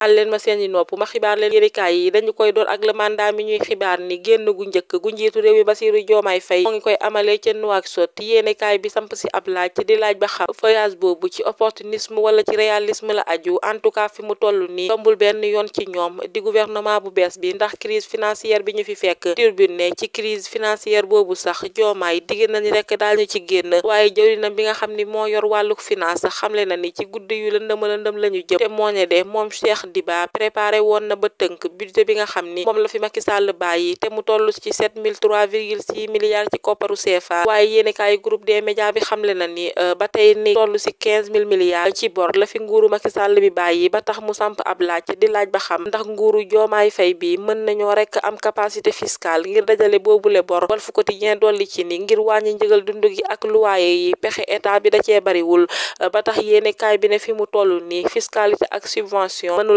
al leen ma seen i nopp ma xibaar leen yërikaay yi dañu koy door ak le mi ñuy xibaar ni génn gu njëkk gu njiitu réew mi Basiru Joomaay Fay moo ngi koy amalee ca Nouakchott yéenekaay bi samp si ab laaj ci di laaj ba xam foyage boobu ci opportunisme wala ci réalisme la aju en tout cas fi mu toll nii yombul benn yoon ci ñoom di gouvernement bu bees bi ndax crise financière bi ñu fi fekk turbune ci crise financière boobu sax Joomaay digg nañ rek daal ñu ci génn waaye jëwriñam bi nga xam ni moo yor wàllu finance xamle na ni ci guddi yu lëndëm lëndëm la ñu jëm moo ne moom Cheikh Diba préparé woon na ba tënk budget bi nga xam ni moom la fi Macky bàyyi te mu toll ci 7003,6 milliards ci kopparu CFA waaye yéeni kaay groupe des médias bi xamle na ni euh, ba tey ni toll si 15000 milliards ci bor la fi nguuru Macky Sall bi bàyyi ba tax mu samp ab laaj di laaj ba xam ndax nguuru joomaay fay bi mën nañoo rek am capacité fiscale ngir dajale boobule bor Walf Quotidien dolli ci ni ngir wàññi njëgal dund gi ak luwaaye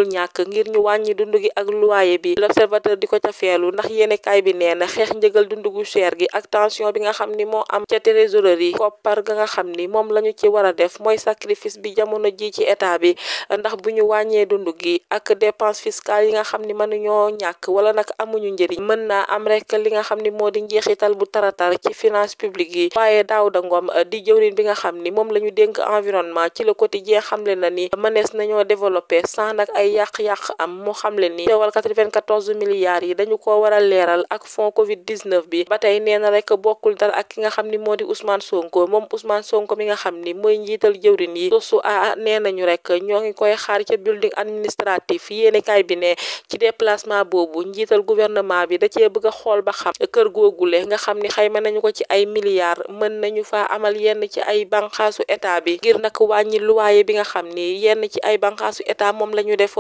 mënul ñàkk ngir ñu wàññi dund gi ak loyer bi l'observateur di ko ca feelu ndax yéenekaay bi nee xeex njëgal dund gu cher gi ak tension bi nga xam ni moom la a def yi nga xam ni mënuñoo ñàkk wala nag amuñu njëriñ mën naa am rek li nga xam ni moo di njeexital bu taratar ci finance publique yi waaye Daouda Ngom di jëwriñ bi nga xam ni moom la dénk environnement ci le quotidien xamle na ni mënees nañoo développer sans nag ay ay yàq-yàq am mu xam ni teewal milliards yi dañu ko war a leeral ak fonds covid 19 bi ba tey nee rek bokkul dara ak nga xam ni moo di Ousmane Sonko moom Ousmane Sonko mi nga xam mooy njiital jëwrin yi sosu a nee nañu rek ñoo ngi koy xaar ca building administratif yéeni kaay bi ne ci déplacement boobu njiital gouvernement bi da cee bëgg xool ba xam kër googule nga xam ni xayma nañu ko ci ay milliards mën nañu faa amal yenn ci ay banqaasu état bi ngir nag wàññi luwaaye bi nga xam ni yenn ci ay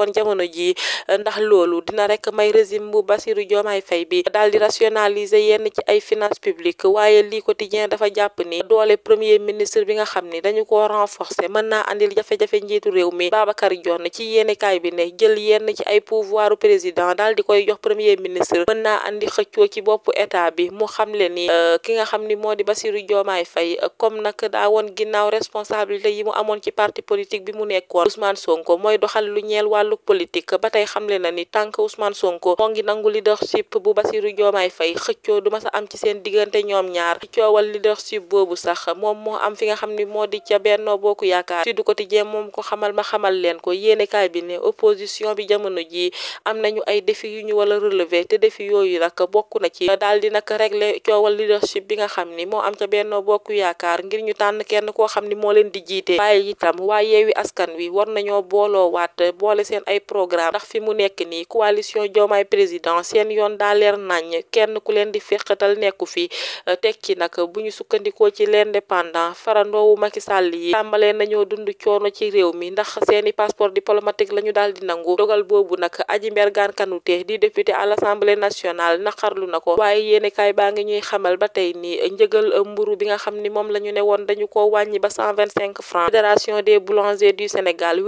nekkoon jamono ji ndax loolu dina rek may régime bu Bassirou Diomaye Faye bi daal di rationaliser yenn ci ay finances publiques waaye lii quotidien dafa jàpp ni doole premier ministre bi nga xam ni dañu ko renforcer mën naa andil jafe njiitu réew mi Babacar Dione ci yéenekaay bi ne jël yenn ci ay pouvoiru président daal di koy jox premier ministre mën naa andi xëccoo ci boppu état bi mu xam le ni euh, ki nga xam ni moo di Bassirou Diomaye Faye comme nag daa woon ginnaaw responsabilité yi mu amoon ci parti politique bi mu nekkoon Ousmane Sonko mooy doxal lu ñeel wàllu wàllu politique ba tey xamle na ni tànk Ousmane Sonko moo ngi nangu leadership bu Bassirou Diomaye Faye xëccoo du sa am ci seen diggante ñoom ñaar ci coowal leadership boobu sax moom moo am fi ni moo di ca Benno Bokk Yaakaar ci du quotidien moom ko xamal ma xamal leen ko yéenekaay bi ne opposition bi jamono jii am nañu ay défi yu ñu wala relever te défi yooyu nag bokk na ci daal di nag régler coowal leadership bi nga xam ni moo am ca Benno Bokk Yaakaar ngir ñu tànn kenn koo xam ni moo leen di jiite waaye itam waa Yewwi Askan Wi war nañoo booloo waat boole seen seen ay programme ndax fi mu nekk nii coalition Diomaye président seen yoon daa leer nañ kenn ku leen di féqatal nekku fi euh, teg ci nag bu ñu sukkandikoo ci l'indépendant farandoowu Macky Sall yi tàmbalee nañoo dund coono ci réew mi ndax seeni passeport diplomatique la ñu daal di nangu dogal boobu nag Aji Mbergane Kanouté di député à l'Assemblée nationale xarlu na ko waaye yéenekaay baa ngi ñuy xamal ba tey ni njëgal euh, mburu bi nga xam ni moom la ñu ne woon dañu ko wàññi ba cent vingt cinq francs fédération des boulangers Sénégal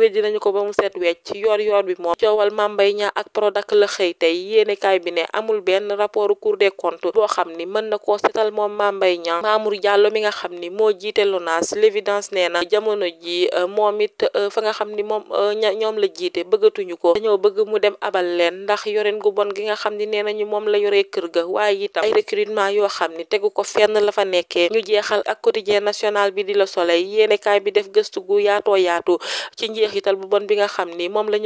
yor bi moom coowal Mame Mbaye Niang ak Prodac la xëy tey yéenekaay bi ne amul benn rapport Cour des comptes boo xam ni mën na ko setal moom Mame Mbaye Niang Mamour nga xam ni moo jiite LONASE l'évidence nee na jamono ji euh, moom it euh, fa nga xam ni moom euh, ñoom la jiite bëggatuñu ko dañoo bëgg mu dem abal leen ndax yoreen gu bon gi nga xam ni nee nañu moom la yoree kër ga waaye itam ay recrutement yoo xam ni tegu ko fenn la fa nekkee ñu jeexal ak quotidien national bi di la Soleil yéenekaay bi def gëstu gu yaatoo yaatu ci njeexital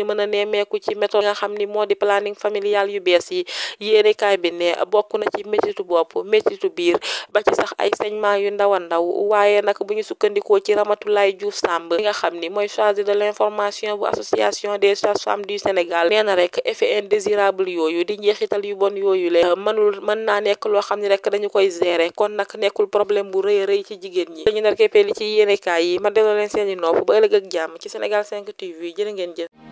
mën a nemmeeku ci méthode nga xam ni moo di planning familial yu bees yi yéenekaay bi ne bokk na ci métitu bopp métitu biir ba ci sax ay saignement yu ndaw a ndaw waaye nag bu ñu sukkandikoo ci Ramatulaay Diouf Samb li nga xam ni mooy chargé de l'information bu association des sages-femmes du Sénégal nee na rek effet indésirable yooyu di njeexital yu bon yooyu le mënul mën naa nekk loo xam ni rek dañu koy gérer kon nag nekkul problème bu rëy rëy ci jigéen ñi dañu nar keppee li ci yéenekaay yi ma delloo leen seeni nopp ba ëllëg ak jàmm ci Sénégal 5 TV ngeen